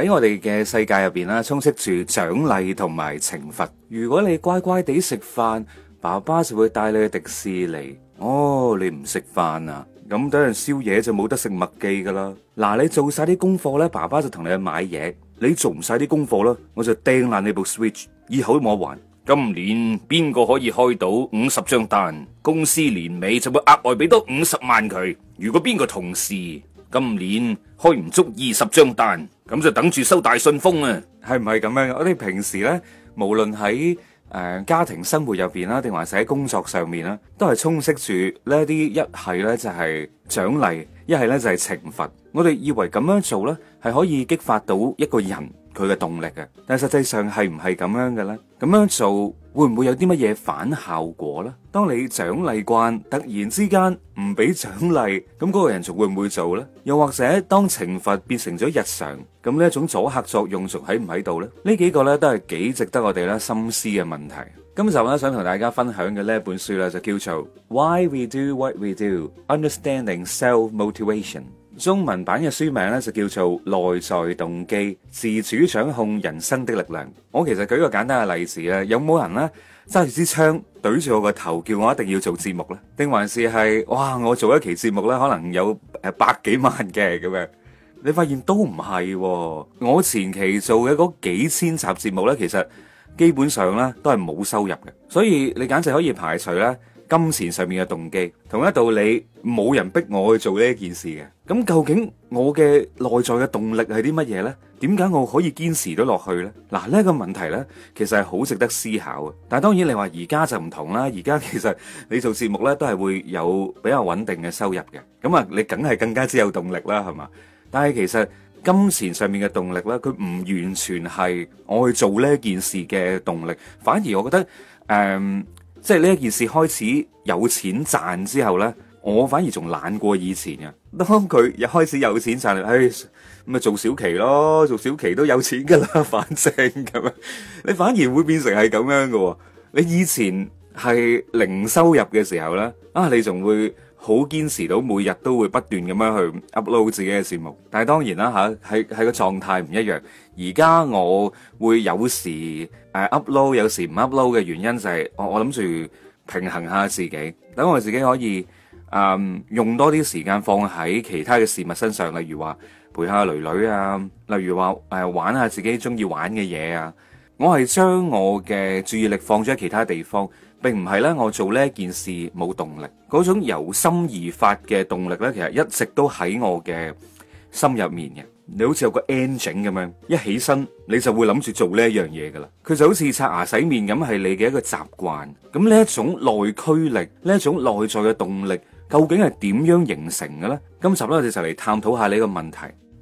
喺我哋嘅世界入邊啦，充斥住獎勵同埋懲罰。如果你乖乖地食飯，爸爸就會帶你去迪士尼。哦，你唔食飯啊，咁等陣宵夜就冇得食麥記噶啦。嗱，你做晒啲功課呢，爸爸就同你去買嘢。你做唔晒啲功課啦，我就掟爛你部 Switch，以後都冇得還。今年邊個可以開到五十張單，公司年尾就會額外俾多五十萬佢。如果邊個同事今年開唔足二十張單。咁就等住收大信封啊，係唔係咁樣？我哋平時呢，無論喺誒家庭生活入邊啦，定還是喺工作上面啦，都係充斥住呢啲一係呢就係獎勵，一係呢就係懲罰。我哋以為咁樣做呢，係可以激發到一個人佢嘅動力嘅，但係實際上係唔係咁樣嘅呢？咁樣做。會唔會有啲乜嘢反效果呢？當你獎勵慣，突然之間唔俾獎勵，咁嗰個人仲會唔會做呢？又或者當懲罰變成咗日常，咁呢一種阻嚇作用仲喺唔喺度呢？呢幾個呢，都係幾值得我哋咧深思嘅問題。今日咧想同大家分享嘅呢一本書咧就叫做《Why We Do What We Do: Understanding Self Motivation》mot。中文版嘅書名咧就叫做《內在動機：自主掌控人生的力量》。我其實舉個簡單嘅例子咧，有冇人咧揸住支槍懟住我個頭，叫我一定要做節目咧？定還是係哇？我做一期節目咧，可能有誒百幾萬嘅咁樣。你發現都唔係喎。我前期做嘅嗰幾千集節目咧，其實基本上咧都係冇收入嘅。所以你簡直可以排除咧金錢上面嘅動機。同一道理，冇人逼我去做呢件事嘅。咁究竟我嘅內在嘅動力係啲乜嘢呢？點解我可以堅持到落去呢？嗱，呢一個問題呢，其實係好值得思考嘅。但係當然你話而家就唔同啦，而家其實你做節目呢都係會有比較穩定嘅收入嘅。咁啊，你梗係更加之有動力啦，係嘛？但係其實金錢上面嘅動力呢，佢唔完全係我去做呢一件事嘅動力，反而我覺得誒，即係呢一件事開始有錢賺之後呢。我反而仲懶過以前啊！當佢又開始有錢賺，唉，咪做小期咯，做小期都有錢噶啦，反正咁啊，你反而會變成係咁樣噶。你以前係零收入嘅時候呢，啊，你仲會好堅持到每日都會不斷咁樣去 upload 自己嘅節目。但係當然啦，嚇係係個狀態唔一樣。而家我會有時誒 upload，有時唔 upload 嘅原因就係我我諗住平衡下自己，等我自己可以。誒，um, 用多啲時間放喺其他嘅事物身上，例如話陪下女女啊，例如話誒玩下自己中意玩嘅嘢啊。我係將我嘅注意力放咗喺其他地方，並唔係咧我做呢件事冇動力。嗰種由心而發嘅動力呢，其實一直都喺我嘅心入面嘅。你好似有個 engine 咁樣，一起身你就會諗住做呢一樣嘢噶啦。佢就好似刷牙洗面咁，係你嘅一個習慣。咁呢一種內驅力，呢一種內在嘅動力，究竟係點樣形成嘅咧？今集咧我哋就嚟探討下呢一個問題。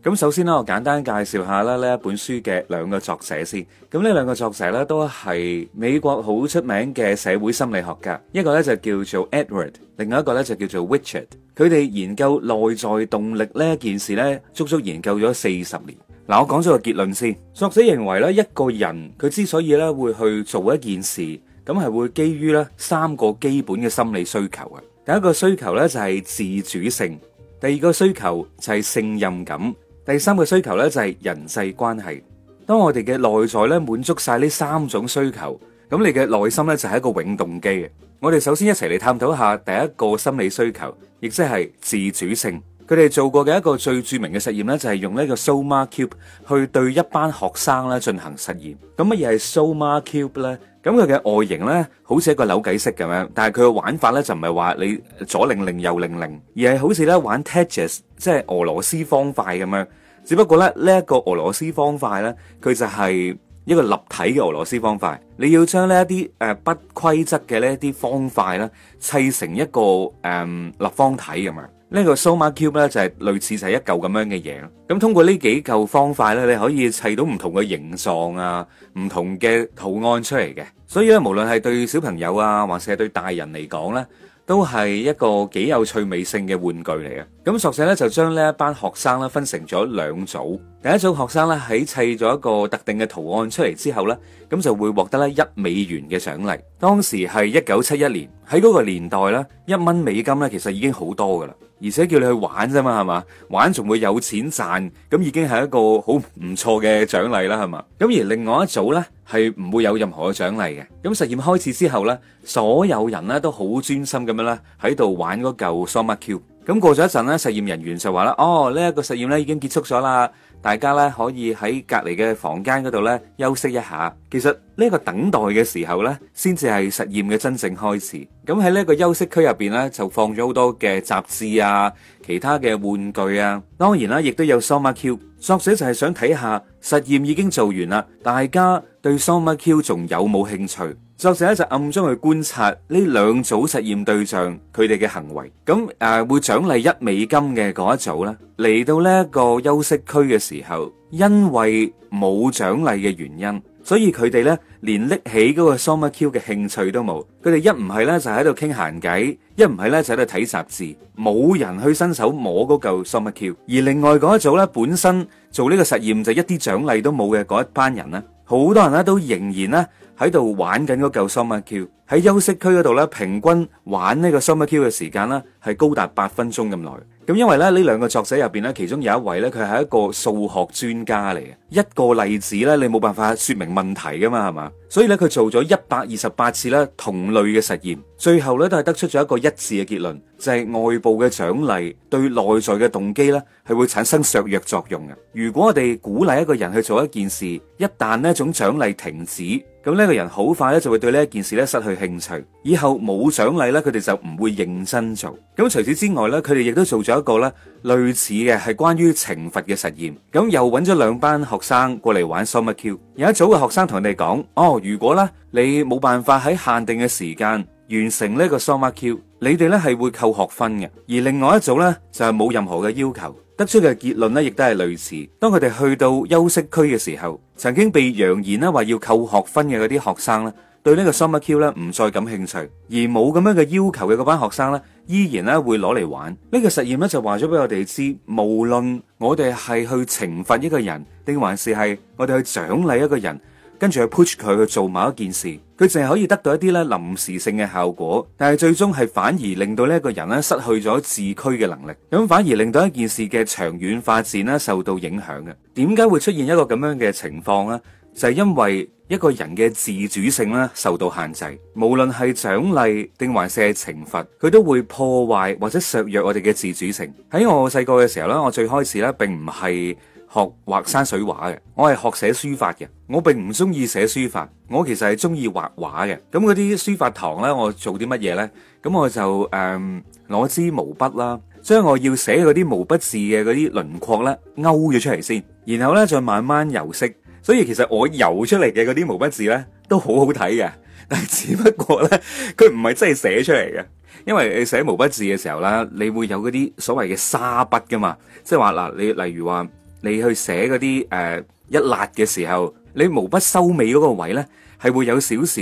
咁首先咧，我簡單介紹下咧呢一本書嘅兩個作者先。咁呢兩個作者咧都係美國好出名嘅社會心理學家，一個咧就叫做 Edward，另外一個咧就叫做 Richard。佢哋研究內在動力呢一件事咧，足足研究咗四十年。嗱，我講咗個結論先。作者認為咧，一個人佢之所以咧會去做一件事，咁係會基於咧三個基本嘅心理需求嘅。第一個需求咧就係自主性，第二個需求就係勝任感，第三個需求咧就係人際關係。當我哋嘅內在咧滿足晒呢三種需求，咁你嘅內心咧就係一個永動機嘅。我哋首先一齊嚟探討一下第一個心理需求，亦即係自主性。佢哋做過嘅一個最著名嘅實驗咧，就係用呢個蘇瑪 cube 去對一班學生咧進行實驗。咁乜嘢係蘇瑪 cube 咧？咁佢嘅外形呢，好似一個扭計骰咁樣，但係佢嘅玩法呢，就唔係話你左擰擰右擰擰，而係好似呢玩 Tetris，即係俄羅斯方塊咁樣。只不過咧呢一、這個俄羅斯方塊呢，佢就係一個立體嘅俄羅斯方塊。你要將呢一啲誒、呃、不規則嘅呢啲方塊呢，砌成一個誒、呃、立方體咁樣。呢個 Soma cube 咧就係類似就係一嚿咁樣嘅嘢咯。咁通過呢幾嚿方塊咧，你可以砌到唔同嘅形狀啊，唔同嘅圖案出嚟嘅。所以咧，無論係對小朋友啊，還是係對大人嚟講咧，都係一個幾有趣味性嘅玩具嚟嘅。咁作者咧就將呢一班學生咧分成咗兩組。第一組學生咧喺砌咗一個特定嘅圖案出嚟之後咧，咁就會獲得咧一美元嘅獎勵。當時係一九七一年，喺嗰個年代咧，一蚊美金咧其實已經好多噶啦，而且叫你去玩啫嘛，係嘛，玩仲會有錢賺，咁已經係一個好唔錯嘅獎勵啦，係嘛。咁而另外一組咧係唔會有任何嘅獎勵嘅。咁實驗開始之後咧，所有人咧都好專心咁樣咧喺度玩嗰嚿 Soma Cube。咁過咗一陣咧，實驗人員就話啦：哦，呢、這、一個實驗咧已經結束咗啦。大家咧可以喺隔籬嘅房間嗰度咧休息一下。其實呢個等待嘅時候咧，先至係實驗嘅真正開始。咁喺呢個休息區入邊咧，就放咗好多嘅雜誌啊，其他嘅玩具啊。當然啦，亦都有 Soma Q，作者就係想睇下實驗已經做完啦，大家對 Soma Q 仲有冇興趣？作者咧就暗中去觀察呢兩組實驗對象佢哋嘅行為，咁誒會獎勵一美金嘅嗰一組咧嚟到咧一個休息區嘅時候，因為冇獎勵嘅原因，所以佢哋咧連拎起嗰個 Soma Cube 嘅興趣都冇。佢哋一唔係咧就喺度傾閒偈，一唔係咧就喺度睇雜誌，冇人去伸手摸嗰嚿 Soma Cube。而另外嗰一組咧本身做呢個實驗就一啲獎勵都冇嘅嗰一班人咧，好多人咧都仍然咧。喺度玩緊嗰嚿 Soma Cube 喺休息區嗰度咧，平均玩個、A、呢個 Soma Cube 嘅時間啦，係高達八分鐘咁耐。咁因為咧呢兩個作者入邊咧，其中有一位咧佢係一個數學專家嚟嘅一個例子咧，你冇辦法說明問題噶嘛係嘛？所以咧佢做咗一百二十八次咧同類嘅實驗，最後咧都係得出咗一個一致嘅結論，就係、是、外部嘅獎勵對內在嘅動機咧係會產生削弱作用嘅。如果我哋鼓勵一個人去做一件事，一旦呢一種獎勵停止。咁呢個人好快咧就會對呢一件事咧失去興趣，以後冇獎勵咧佢哋就唔會認真做。咁除此之外咧，佢哋亦都做咗一個咧類似嘅係關於懲罰嘅實驗。咁又揾咗兩班學生過嚟玩 Soma cube，有一組嘅學生同你哋講：哦，如果咧你冇辦法喺限定嘅時間完成呢個 Soma cube，你哋咧係會扣學分嘅。而另外一組咧就係冇任何嘅要求。得出嘅結論呢，亦都係類似。當佢哋去到休息區嘅時候，曾經被揚言咧話要扣學分嘅嗰啲學生呢，對呢個 summer Q 呢唔再感興趣，而冇咁樣嘅要求嘅嗰班學生呢，依然咧會攞嚟玩。呢個實驗呢，就話咗俾我哋知，無論我哋係去懲罰一個人，定還是係我哋去獎勵一個人。跟住去 push 佢去做某一件事，佢淨係可以得到一啲咧臨時性嘅效果，但係最終係反而令到呢一個人咧失去咗自驅嘅能力，咁反而令到一件事嘅長遠發展咧受到影響嘅。點解會出現一個咁樣嘅情況呢？就係因為一個人嘅自主性咧受到限制，無論係獎勵定還是懲罰，佢都會破壞或者削弱我哋嘅自主性。喺我細個嘅時候咧，我最開始咧並唔係。學畫山水畫嘅，我係學寫書法嘅。我並唔中意寫書法，我其實係中意畫畫嘅。咁嗰啲書法堂呢，我做啲乜嘢呢？咁我就誒攞支毛筆啦，將我要寫嗰啲毛筆字嘅嗰啲輪廓呢勾咗出嚟先，然後呢再慢慢油色。所以其實我油出嚟嘅嗰啲毛筆字呢都好好睇嘅，但係只不過呢，佢唔係真係寫出嚟嘅，因為寫毛筆字嘅時候呢，你會有嗰啲所謂嘅沙筆噶嘛，即係話嗱你例如話。你去寫嗰啲誒一捺嘅時候，你毛筆收尾嗰個位咧，係會有少少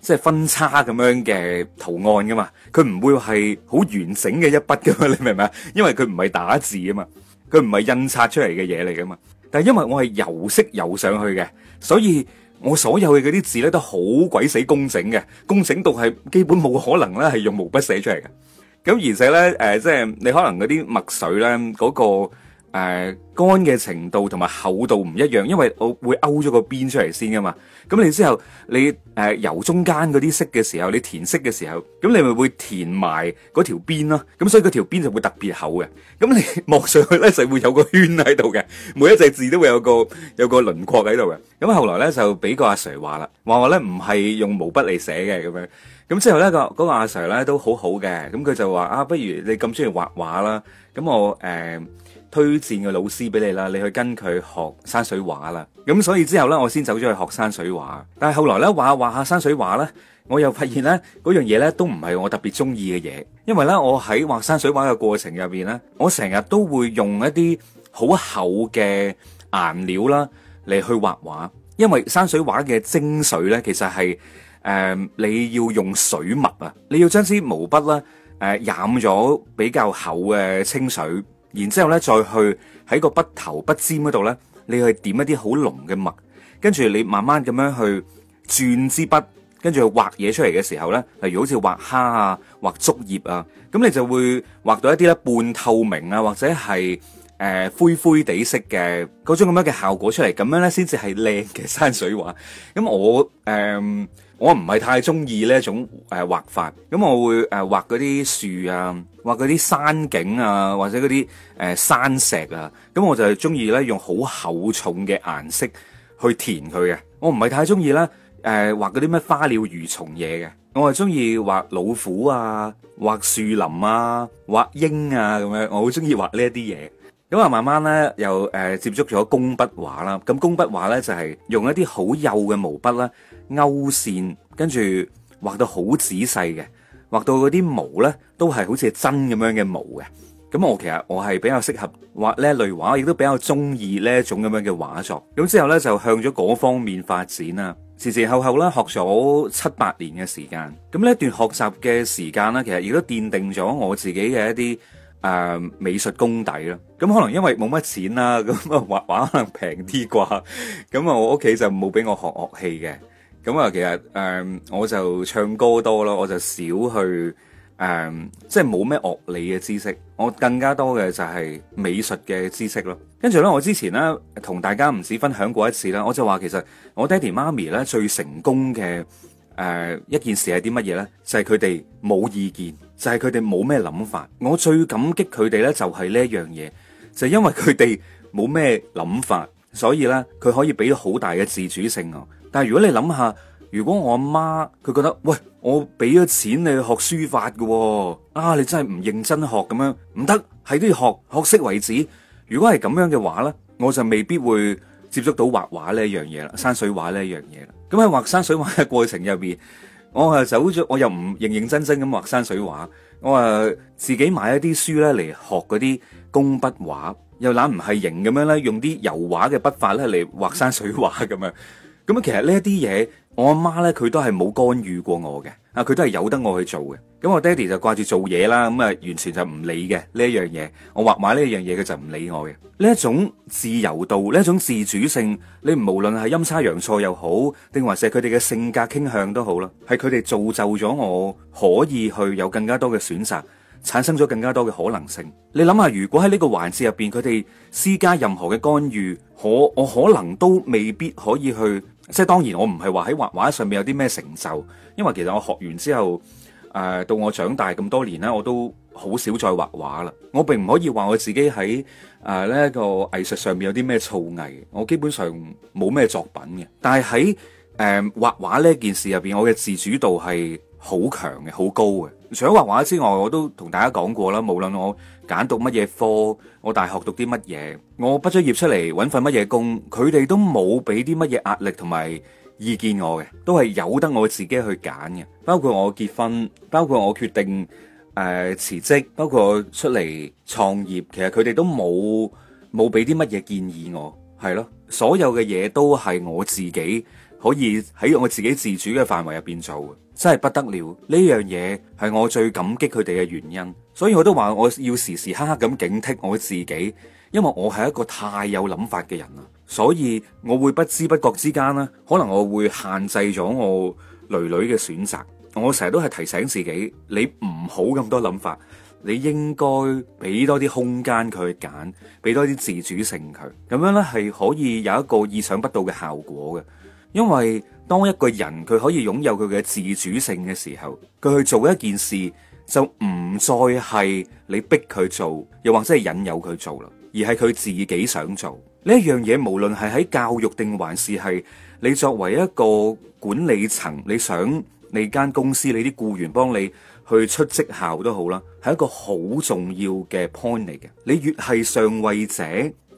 即係分叉咁樣嘅圖案噶嘛？佢唔會係好完整嘅一筆噶嘛？你明唔明啊？因為佢唔係打字啊嘛，佢唔係印刷出嚟嘅嘢嚟噶嘛。但係因為我係油色油上去嘅，所以我所有嘅嗰啲字咧，都好鬼死工整嘅，工整到係基本冇可能咧，係用毛筆寫出嚟嘅。咁而且咧誒，即係你可能嗰啲墨水咧嗰個。誒、呃，乾嘅程度同埋厚度唔一樣，因為我會勾咗個邊出嚟先㗎嘛。咁你之後你誒、呃，由中間嗰啲色嘅時候，你填色嘅時候，咁你咪會填埋嗰條邊咯。咁所以嗰條邊就會特別厚嘅。咁你望上去咧，就會有個圈喺度嘅。每一隻字都會有個有個輪廓喺度嘅。咁後來咧就俾個阿 Sir 話啦，話我咧唔係用毛筆嚟寫嘅咁樣。咁之後咧、嗰個嗰、嗰個阿 Sir 咧都好好嘅。咁佢就話啊，不如你咁中意畫畫啦。咁我誒。呃推薦個老師俾你啦，你去跟佢學山水畫啦。咁所以之後呢，我先走咗去學山水畫。但係後來呢，畫畫下山水畫呢，我又發現呢嗰樣嘢呢都唔係我特別中意嘅嘢，因為呢，我喺畫山水畫嘅過程入邊呢，我成日都會用一啲好厚嘅顏料啦嚟去畫畫，因為山水畫嘅精髓呢，其實係誒、呃、你要用水墨啊，你要將支毛筆啦，誒染咗比較厚嘅清水。然之後呢，再去喺個筆頭筆尖嗰度呢，你去點一啲好濃嘅墨，跟住你慢慢咁樣去轉支筆，跟住去畫嘢出嚟嘅時候呢，例如好似畫蝦啊、畫竹葉啊，咁你就會畫到一啲咧半透明啊，或者係誒灰灰地色嘅嗰種咁樣嘅效果出嚟，咁樣呢，先至係靚嘅山水畫。咁我誒。嗯我唔係太中意呢一種誒畫法，咁我會誒畫嗰啲樹啊，畫嗰啲山景啊，或者嗰啲誒山石啊，咁我就係中意咧用好厚重嘅顏色去填佢嘅。我唔係太中意咧誒畫嗰啲咩花鳥魚蟲嘢嘅，我係中意畫老虎啊，畫樹林啊，畫鷹啊咁樣，我好中意畫呢一啲嘢。咁啊慢慢咧又誒接觸咗工筆畫啦，咁工筆畫咧就係用一啲好幼嘅毛筆啦。勾線，跟住畫到好仔細嘅，畫到嗰啲毛呢都係好似真咁樣嘅毛嘅。咁我其實我係比較適合畫呢一類畫，亦都比較中意呢一種咁樣嘅畫作。咁之後呢，就向咗嗰方面發展啦，前前後後啦，學咗七八年嘅時間。咁呢段學習嘅時間呢，其實亦都奠定咗我自己嘅一啲誒、呃、美術功底啦。咁可能因為冇乜錢啦，咁啊畫畫可能平啲啩。咁 啊我屋企就冇俾我學樂器嘅。咁啊，其實誒、呃，我就唱歌多咯，我就少去誒、呃，即係冇咩樂理嘅知識。我更加多嘅就係美術嘅知識咯。跟住咧，我之前咧同大家唔止分享過一次啦，我就話其實我爹哋媽咪咧最成功嘅誒、呃、一件事係啲乜嘢咧？就係佢哋冇意見，就係佢哋冇咩諗法。我最感激佢哋咧，就係呢一樣嘢，就係因為佢哋冇咩諗法，所以咧佢可以俾好大嘅自主性啊！但係如果你諗下，如果我阿媽佢覺得喂，我俾咗錢你去學書法嘅。哦，啊你真係唔認真學咁樣，唔得，係都要學學識為止。如果係咁樣嘅話呢，我就未必會接觸到畫畫呢一樣嘢啦，山水畫呢一樣嘢啦。咁喺畫山水畫嘅過程入邊，我啊走咗，我又唔認認真真咁畫山水畫，我啊自己買一啲書呢嚟學嗰啲工筆畫，又懶唔係型咁樣呢，用啲油畫嘅筆法咧嚟畫山水畫咁樣。咁其實呢一啲嘢，我阿媽呢，佢都係冇干預過我嘅，啊佢都係由得我去做嘅。咁、嗯、我爹哋就掛住做嘢啦，咁、嗯、啊完全就唔理嘅呢一樣嘢。我畫埋呢一樣嘢，佢就唔理我嘅。呢一種自由度，呢一種自主性，你無論係陰差陽錯又好，定或者佢哋嘅性格傾向都好啦，係佢哋造就咗我可以去有更加多嘅選擇，產生咗更加多嘅可能性。你諗下，如果喺呢個環節入邊佢哋施加任何嘅干預，我我可能都未必可以去。即係當然，我唔係話喺畫畫上面有啲咩成就，因為其實我學完之後，誒、呃、到我長大咁多年咧，我都好少再畫畫啦。我並唔可以話我自己喺誒呢一個藝術上面有啲咩造詣，我基本上冇咩作品嘅。但係喺誒畫畫呢件事入邊，我嘅自主度係好強嘅，好高嘅。除咗畫畫之外，我都同大家講過啦。無論我揀讀乜嘢科，我大學讀啲乜嘢，我畢咗業出嚟揾份乜嘢工，佢哋都冇俾啲乜嘢壓力同埋意見我嘅，都係由得我自己去揀嘅。包括我結婚，包括我決定誒辭職，包括我出嚟創業，其實佢哋都冇冇俾啲乜嘢建議我，係咯，所有嘅嘢都係我自己可以喺我自己自主嘅範圍入邊做嘅。真係不得了，呢樣嘢係我最感激佢哋嘅原因，所以我都話我要時時刻刻咁警惕我自己，因為我係一個太有諗法嘅人啦，所以我會不知不覺之間呢，可能我會限制咗我女女嘅選擇，我成日都係提醒自己，你唔好咁多諗法，你應該俾多啲空間佢去揀，俾多啲自主性佢，咁樣呢，係可以有一個意想不到嘅效果嘅。因為當一個人佢可以擁有佢嘅自主性嘅時候，佢去做一件事就唔再係你逼佢做，又或者係引誘佢做啦，而係佢自己想做呢一樣嘢。無論係喺教育定還是係你作為一個管理層，你想你間公司你啲僱員幫你。去出績效都好啦，係一個好重要嘅 point 嚟嘅。你越係上位者，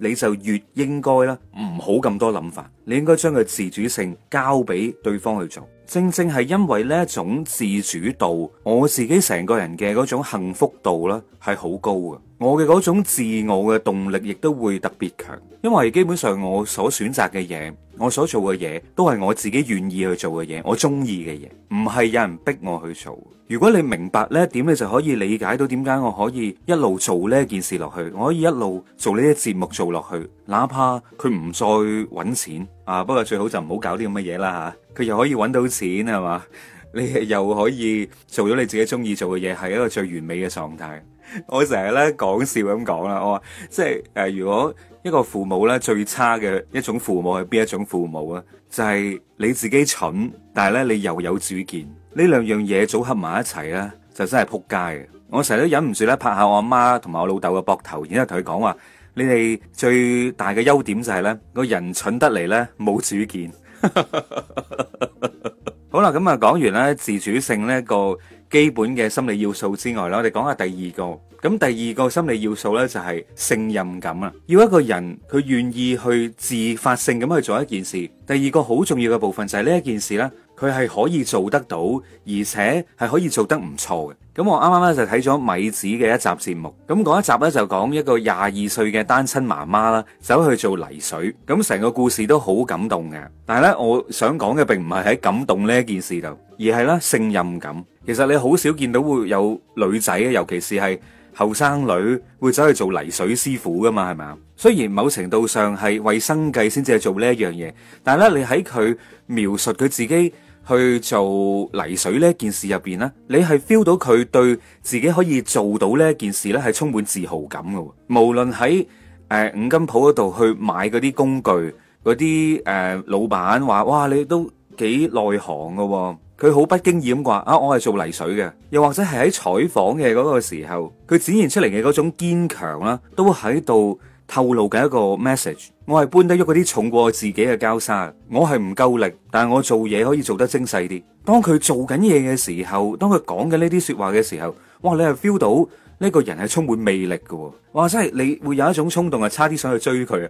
你就越應該啦，唔好咁多諗法，你應該將佢自主性交俾對方去做。正正係因為呢一種自主度，我自己成個人嘅嗰種幸福度呢，係好高嘅。我嘅嗰種自我嘅動力亦都會特別強，因為基本上我所選擇嘅嘢，我所做嘅嘢，都係我自己願意去做嘅嘢，我中意嘅嘢，唔係有人逼我去做。如果你明白呢一點，你就可以理解到點解我可以一路做呢一件事落去，我可以一路做呢啲節目做落去，哪怕佢唔再揾錢啊！不過最好就唔好搞啲咁嘅嘢啦吓。啊佢又可以揾到錢係嘛？你又可以做咗你自己中意做嘅嘢，係一個最完美嘅狀態。我成日咧講笑咁講啦，我話即係誒、呃，如果一個父母咧最差嘅一種父母係邊一種父母咧？就係、是、你自己蠢，但係咧你又有主見，呢兩樣嘢組合埋一齊呢，就真係扑街嘅。我成日都忍唔住咧拍下我阿媽同埋我老豆嘅膊頭，然之後同佢講話：，你哋最大嘅優點就係呢，個人蠢得嚟呢，冇主見。 好啦，咁啊講完咧自主性呢一個基本嘅心理要素之外啦，我哋講下第二個。咁第二個心理要素呢，就係勝任感啦。要一個人佢願意去自發性咁去做一件事，第二個好重要嘅部分就係呢一件事咧，佢係可以做得到，而且係可以做得唔錯嘅。咁我啱啱呢就睇咗米子嘅一集節目，咁嗰一集呢就講一個廿二歲嘅單親媽媽啦，走去做泥水，咁成個故事都好感動嘅。但係呢，我想講嘅並唔係喺感動呢一件事度，而係呢勝任感。其實你好少見到會有女仔，尤其是係後生女，會走去做泥水師傅噶嘛，係咪啊？雖然某程度上係為生計先至係做呢一樣嘢，但係呢，你喺佢描述佢自己。去做泥水呢件事入邊咧，你係 feel 到佢對自己可以做到呢件事咧，係充滿自豪感噶。無論喺誒五金鋪嗰度去買嗰啲工具，嗰啲誒老闆話：哇，你都幾內行噶。佢好不經意咁話啊，我係做泥水嘅。又或者係喺採訪嘅嗰個時候，佢展現出嚟嘅嗰種堅強啦，都喺度，透露緊一個 message，我係搬得喐嗰啲重過自己嘅膠砂，我係唔夠力，但係我做嘢可以做得精細啲。當佢做緊嘢嘅時候，當佢講緊呢啲說話嘅時候，哇！你係 feel 到呢個人係充滿魅力嘅，哇！真係你會有一種衝動，係差啲想去追佢。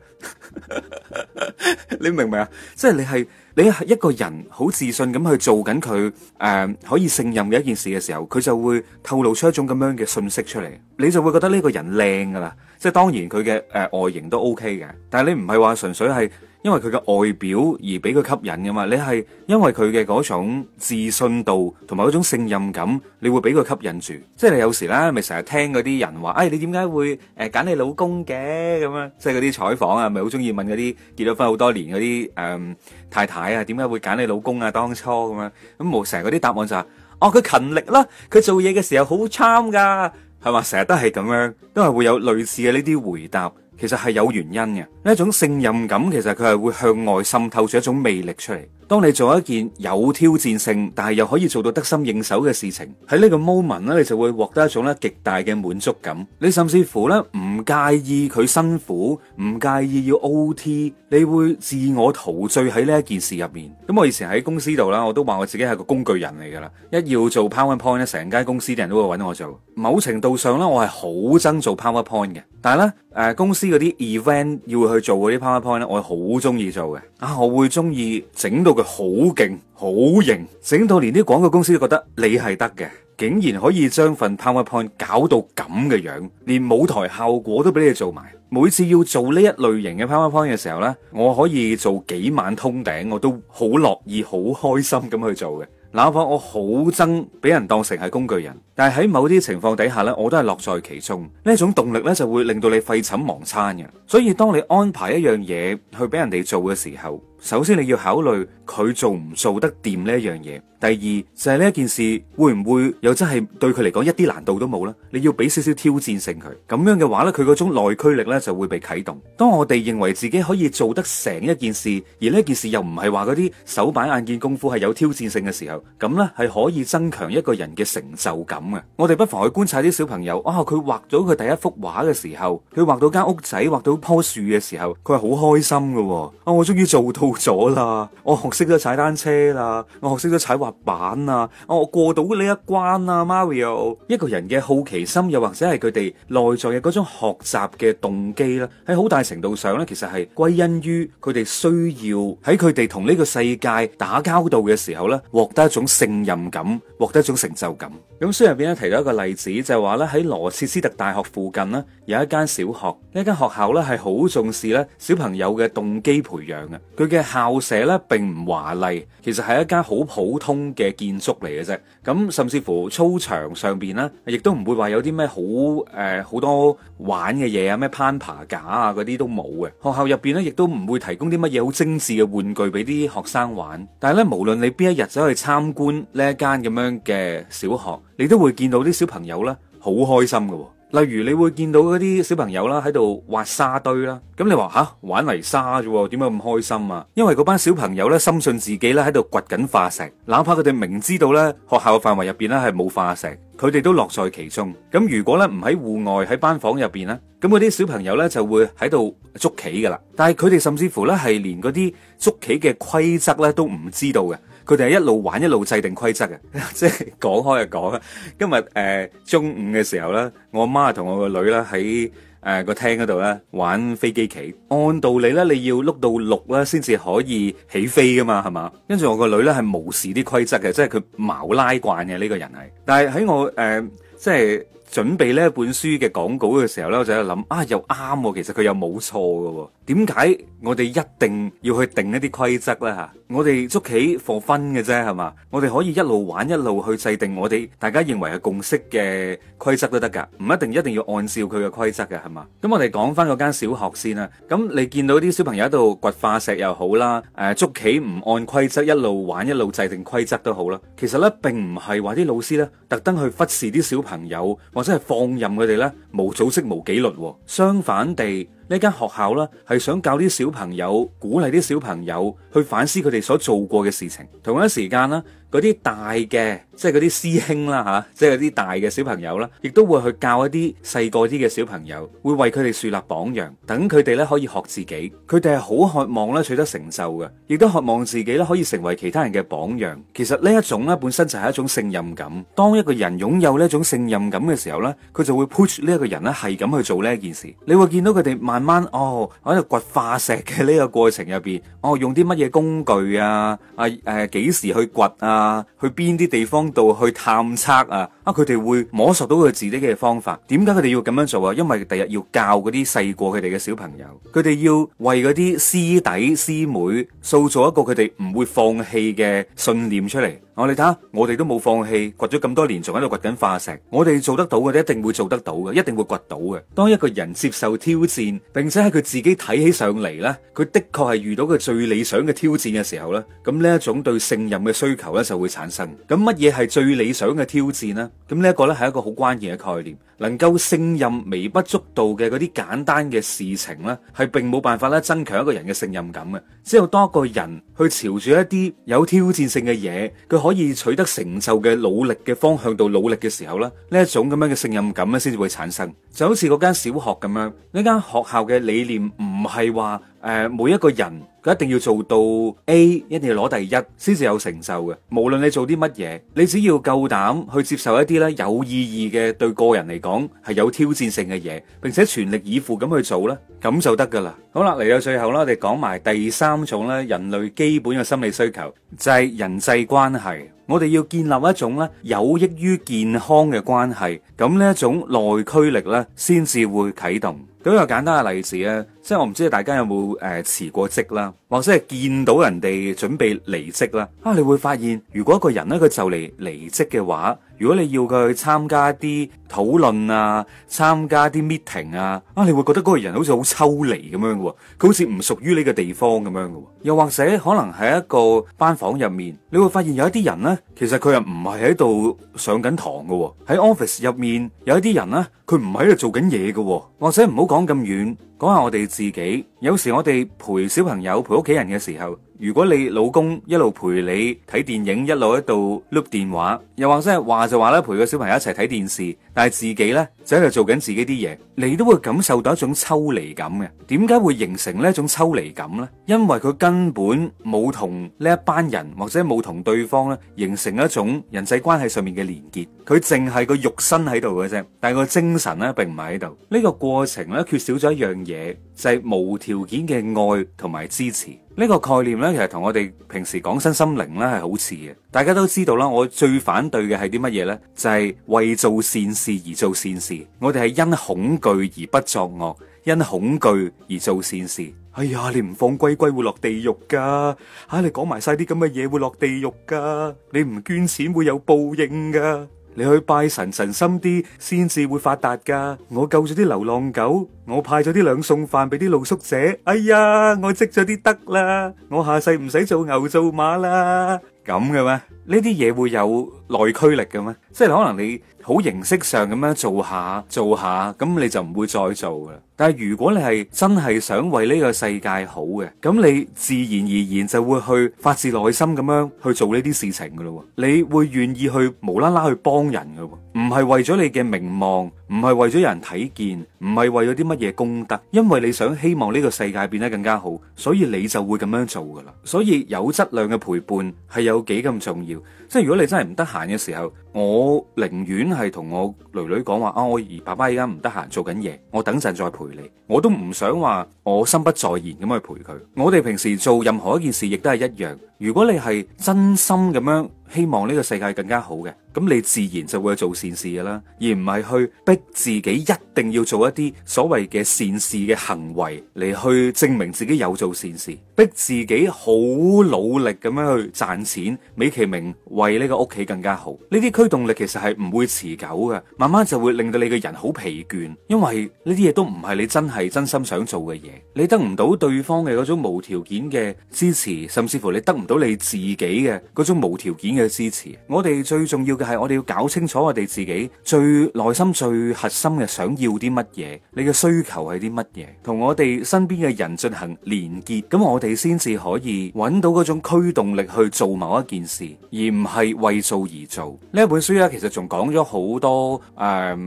你明唔明啊？即係你係你係一個人好自信咁去做緊佢誒可以勝任嘅一件事嘅時候，佢就會透露出一種咁樣嘅信息出嚟，你就會覺得呢個人靚噶啦。即係當然佢嘅誒外形都 OK 嘅，但係你唔係話純粹係因為佢嘅外表而俾佢吸引噶嘛？你係因為佢嘅嗰種自信度同埋嗰種勝任感，你會俾佢吸引住。即係你有時咧，咪成日聽嗰啲人話，哎，你點解會誒揀、呃、你老公嘅咁啊？即係嗰啲採訪啊，咪好中意問嗰啲結咗婚好多年嗰啲誒太太啊，點解會揀你老公啊？當初咁啊，咁冇成日嗰啲答案就係、是，哦，佢勤力啦，佢做嘢嘅時候好參噶。係嘛？成日都係咁樣，都係會有類似嘅呢啲回答。其實係有原因嘅。呢種信任感，其實佢係會向外滲透住一種魅力出嚟。當你做一件有挑戰性，但係又可以做到得心應手嘅事情，喺呢個 moment 咧，你就會獲得一種咧極大嘅滿足感。你甚至乎呢，唔介意佢辛苦，唔介意要 OT，你會自我陶醉喺呢一件事入面。咁、嗯、我以前喺公司度啦，我都話我自己係個工具人嚟㗎啦。一要做 PowerPoint 咧，成間公司啲人都會揾我做。某程度上呢，我係好憎做 PowerPoint 嘅。但係呢，誒公司嗰啲 event 要去做嗰啲 PowerPoint 咧，我係好中意做嘅。啊，我會中意整到，好勁，好型，整到連啲廣告公司都覺得你係得嘅，竟然可以將份 PowerPoint 搞到咁嘅樣，連舞台效果都俾你做埋。每次要做呢一類型嘅 PowerPoint 嘅時候呢，我可以做幾晚通頂，我都好樂意、好開心咁去做嘅。哪怕我好憎俾人當成係工具人，但係喺某啲情況底下呢，我都係樂在其中。呢一種動力呢，就會令到你廢寢忘餐嘅。所以當你安排一樣嘢去俾人哋做嘅時候，首先你要考慮。佢做唔做得掂呢一樣嘢？第二就係呢一件事會唔會又真係對佢嚟講一啲難度都冇呢？你要俾少少挑戰性佢，咁樣嘅話呢，佢嗰種內驅力呢就會被啟動。當我哋認為自己可以做得成一件事，而呢件事又唔係話嗰啲手板眼見功夫係有挑戰性嘅時候，咁呢係可以增強一個人嘅成就感嘅。我哋不妨去觀察啲小朋友，啊、哦，佢畫咗佢第一幅畫嘅時候，佢畫到間屋仔，畫到棵樹嘅時候，佢係好開心噶、哦，啊、哦，我終於做到咗啦，我、哦、學識咗踩單車啦，我學識咗踩滑板啊，我過到呢一關啊，Mario！一個人嘅好奇心，又或者係佢哋內在嘅嗰種學習嘅動機咧，喺好大程度上咧，其實係歸因於佢哋需要喺佢哋同呢個世界打交道嘅時候咧，獲得一種勝任感。獲得一種成就感。咁書入邊咧提到一個例子，就係話咧喺羅切斯特大學附近咧有一間小學，呢一間學校咧係好重視咧小朋友嘅動機培養嘅。佢嘅校舍咧並唔華麗，其實係一間好普通嘅建築嚟嘅啫。咁甚至乎操場上邊呢，亦都唔會話有啲咩好誒好、呃、多玩嘅嘢啊，咩攀爬架啊嗰啲都冇嘅。學校入邊呢，亦都唔會提供啲乜嘢好精緻嘅玩具俾啲學生玩。但係呢，無論你邊一日走去參觀呢一間咁樣嘅小學，你都會見到啲小朋友咧好開心嘅。例如，你會見到嗰啲小朋友啦喺度挖沙堆啦。咁你話吓玩泥沙啫，點解咁開心啊？因為嗰班小朋友咧深信自己咧喺度掘緊化石，哪怕佢哋明知道咧學校嘅範圍入邊咧係冇化石，佢哋都樂在其中。咁如果咧唔喺戶外喺班房入邊咧，咁嗰啲小朋友咧就會喺度捉棋噶啦。但係佢哋甚至乎咧係連嗰啲捉棋嘅規則咧都唔知道嘅。佢哋係一路玩一路制定規則嘅，即 係講開又講。今日誒、呃、中午嘅時候咧，我阿媽同我個女咧喺誒個廳嗰度咧玩飛機棋。按道理咧，你要碌到六咧先至可以起飛噶嘛，係嘛？跟住我個女咧係無視啲規則嘅，即係佢矛拉慣嘅呢、這個人係。但係喺我誒、呃、即係。準備呢一本書嘅講稿嘅時候呢，我就喺度諗啊，又啱喎、啊，其實佢又冇錯嘅、啊，點解我哋一定要去定一啲規則呢？吓，我哋捉棋 for fun 嘅啫，係嘛，我哋可以一路玩一路去制定我哋大家認為係共識嘅規則都得噶，唔一定一定要按照佢嘅規則嘅，係嘛。咁我哋講翻嗰間小學先啦，咁你見到啲小朋友喺度掘化石又好啦，誒捉棋唔按規則一路玩一路制定規則都好啦，其實呢，並唔係話啲老師呢特登，去忽視啲小朋友。或者係放任佢哋咧，無組織無紀律。相反地，呢間學校咧，係想教啲小朋友，鼓勵啲小朋友去反思佢哋所做過嘅事情。同一時間咧。嗰啲大嘅，即係嗰啲師兄啦嚇、啊，即係嗰啲大嘅小朋友啦，亦都會去教一啲細個啲嘅小朋友，會為佢哋樹立榜樣，等佢哋咧可以學自己。佢哋係好渴望咧取得成就嘅，亦都渴望自己咧可以成為其他人嘅榜樣。其實呢一種咧本身就係一種勝任感。當一個人擁有呢一種勝任感嘅時候咧，佢就會 push 呢一個人咧係咁去做呢一件事。你會見到佢哋慢慢哦喺度掘化石嘅呢個過程入邊，哦用啲乜嘢工具啊，啊誒幾、呃、時去掘啊？啊！去邊啲地方度去探測啊？佢哋會摸索到佢自己嘅方法。點解佢哋要咁樣做啊？因為第日要教嗰啲細過佢哋嘅小朋友，佢哋要為嗰啲師弟師妹塑造一個佢哋唔會放棄嘅信念出嚟。我哋睇下，我哋都冇放棄，掘咗咁多年，仲喺度掘緊化石。我哋做得到，我哋一定會做得到嘅，一定會掘到嘅。當一個人接受挑戰，並且係佢自己睇起上嚟呢，佢的確係遇到佢最理想嘅挑戰嘅時候呢。咁呢一種對勝任嘅需求呢，就會產生。咁乜嘢係最理想嘅挑戰呢？咁呢一個咧，係一個好關鍵嘅概念。能夠勝任微不足道嘅嗰啲簡單嘅事情呢，係並冇辦法咧增強一個人嘅勝任感嘅。只有當一個人去朝住一啲有挑戰性嘅嘢，佢可以取得成就嘅努力嘅方向度努力嘅時候咧，呢一種咁樣嘅勝任感咧先至會產生。就好似嗰間小學咁樣，呢間學校嘅理念唔係話誒每一個人。佢一定要做到 A，一定要攞第一先至有成就嘅。無論你做啲乜嘢，你只要夠膽去接受一啲咧有意義嘅，對個人嚟講係有挑戰性嘅嘢，並且全力以赴咁去做啦，咁就得噶啦。好啦，嚟到最後啦，我哋講埋第三種咧，人類基本嘅心理需求就係人際關係。我哋要建立一種咧有益於健康嘅關係，咁呢一種內驅力咧先至會啟動。舉個簡單嘅例子咧，即係我唔知道大家有冇誒、呃、辭過職啦，或者係見到人哋準備離職啦，啊，你會發現如果一個人咧佢就嚟離職嘅話，如果你要佢去參加啲討論啊，參加啲 meeting 啊，啊，你會覺得嗰個人好似好抽離咁樣嘅喎，佢、啊、好似唔屬於呢個地方咁樣嘅喎、啊，又或者可能喺一個班房入面，你會發現有一啲人呢，其實佢又唔係喺度上緊堂嘅喎，喺 office 入面有一啲人呢。佢唔喺度做緊嘢嘅，或者唔好講咁遠。講下我哋自己，有時我哋陪小朋友、陪屋企人嘅時候，如果你老公一路陪你睇電影，一路喺度碌電話，又或者係話就話啦，陪個小朋友一齊睇電視，但係自己咧就喺度做緊自己啲嘢，你都會感受到一種抽離感嘅。點解會形成呢一種抽離感咧？因為佢根本冇同呢一班人，或者冇同對方咧，形成一種人際關係上面嘅連結。佢淨係個肉身喺度嘅啫，但係個精神咧並唔係喺度。呢個過程咧缺少咗一樣嘢。嘢就係無條件嘅愛同埋支持呢個概念呢，其實同我哋平時講身心靈呢係好似嘅。大家都知道啦，我最反對嘅係啲乜嘢呢？就係為做善事而做善事。我哋係因恐懼而不作惡，因恐懼而做善事。哎呀，你唔放龜龜會落地獄噶吓？你講埋晒啲咁嘅嘢會落地獄噶？你唔捐錢會有報應噶？你去拜神，神心啲先至會發達噶。我救咗啲流浪狗，我派咗啲兩餸飯俾啲露宿者。哎呀，我積咗啲德啦，我下世唔使做牛做馬啦。咁嘅咩？呢啲嘢會有內驅力嘅咩？即係可能你好形式上咁樣做下做下，咁你就唔會再做噶啦。但係如果你係真係想為呢個世界好嘅，咁你自然而然就會去發自內心咁樣去做呢啲事情噶咯。你會願意去無啦啦去幫人噶，唔係為咗你嘅名望，唔係為咗有人睇見，唔係為咗啲乜嘢功德，因為你想希望呢個世界變得更加好，所以你就會咁樣做噶啦。所以有質量嘅陪伴係有幾咁重要。即係如果你真係唔得閒嘅時候，我寧願係同我女女講話，阿我兒爸爸而家唔得閒做緊嘢，我等陣再陪你。我都唔想話我心不在焉咁去陪佢。我哋平時做任何一件事，亦都係一樣。如果你係真心咁樣希望呢個世界更加好嘅。咁你自然就會去做善事嘅啦，而唔係去逼自己一定要做一啲所謂嘅善事嘅行為嚟去證明自己有做善事，逼自己好努力咁樣去賺錢，美其名為呢個屋企更加好。呢啲驅動力其實係唔會持久嘅，慢慢就會令到你個人好疲倦，因為呢啲嘢都唔係你真係真心想做嘅嘢，你得唔到對方嘅嗰種無條件嘅支持，甚至乎你得唔到你自己嘅嗰種無條件嘅支持。我哋最重要。就係我哋要搞清楚我哋自己最內心最核心嘅想要啲乜嘢，你嘅需求係啲乜嘢，同我哋身邊嘅人進行連結，咁我哋先至可以揾到嗰種驅動力去做某一件事，而唔係為做而做。呢本書咧、啊，其實仲講咗好多誒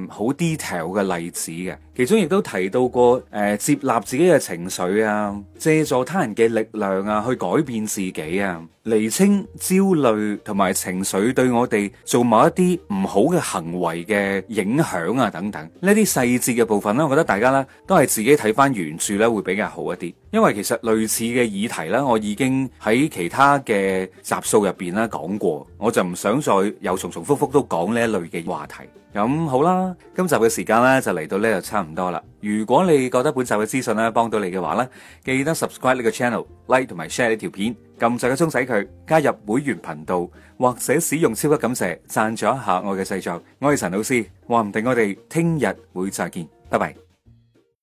好 detail 嘅例子嘅、啊，其中亦都提到過誒、呃、接納自己嘅情緒啊，借助他人嘅力量啊去改變自己啊。厘清焦慮同埋情緒對我哋做某一啲唔好嘅行為嘅影響啊，等等呢啲細節嘅部分呢，我覺得大家呢都係自己睇返原著呢會比較好一啲。因為其實類似嘅議題咧，我已經喺其他嘅集數入邊咧講過，我就唔想再又重重複複都講呢一類嘅話題。咁好啦，今集嘅時間咧就嚟到呢就差唔多啦。如果你覺得本集嘅資訊咧幫到你嘅話咧，記得 subscribe 呢個 channel、like 同埋 share 呢條片，撳掣嘅鐘仔佢加入會員頻道，或者使用超級感謝贊助一下我嘅製作。我係陳老 C，話唔定我哋聽日會再見，拜拜。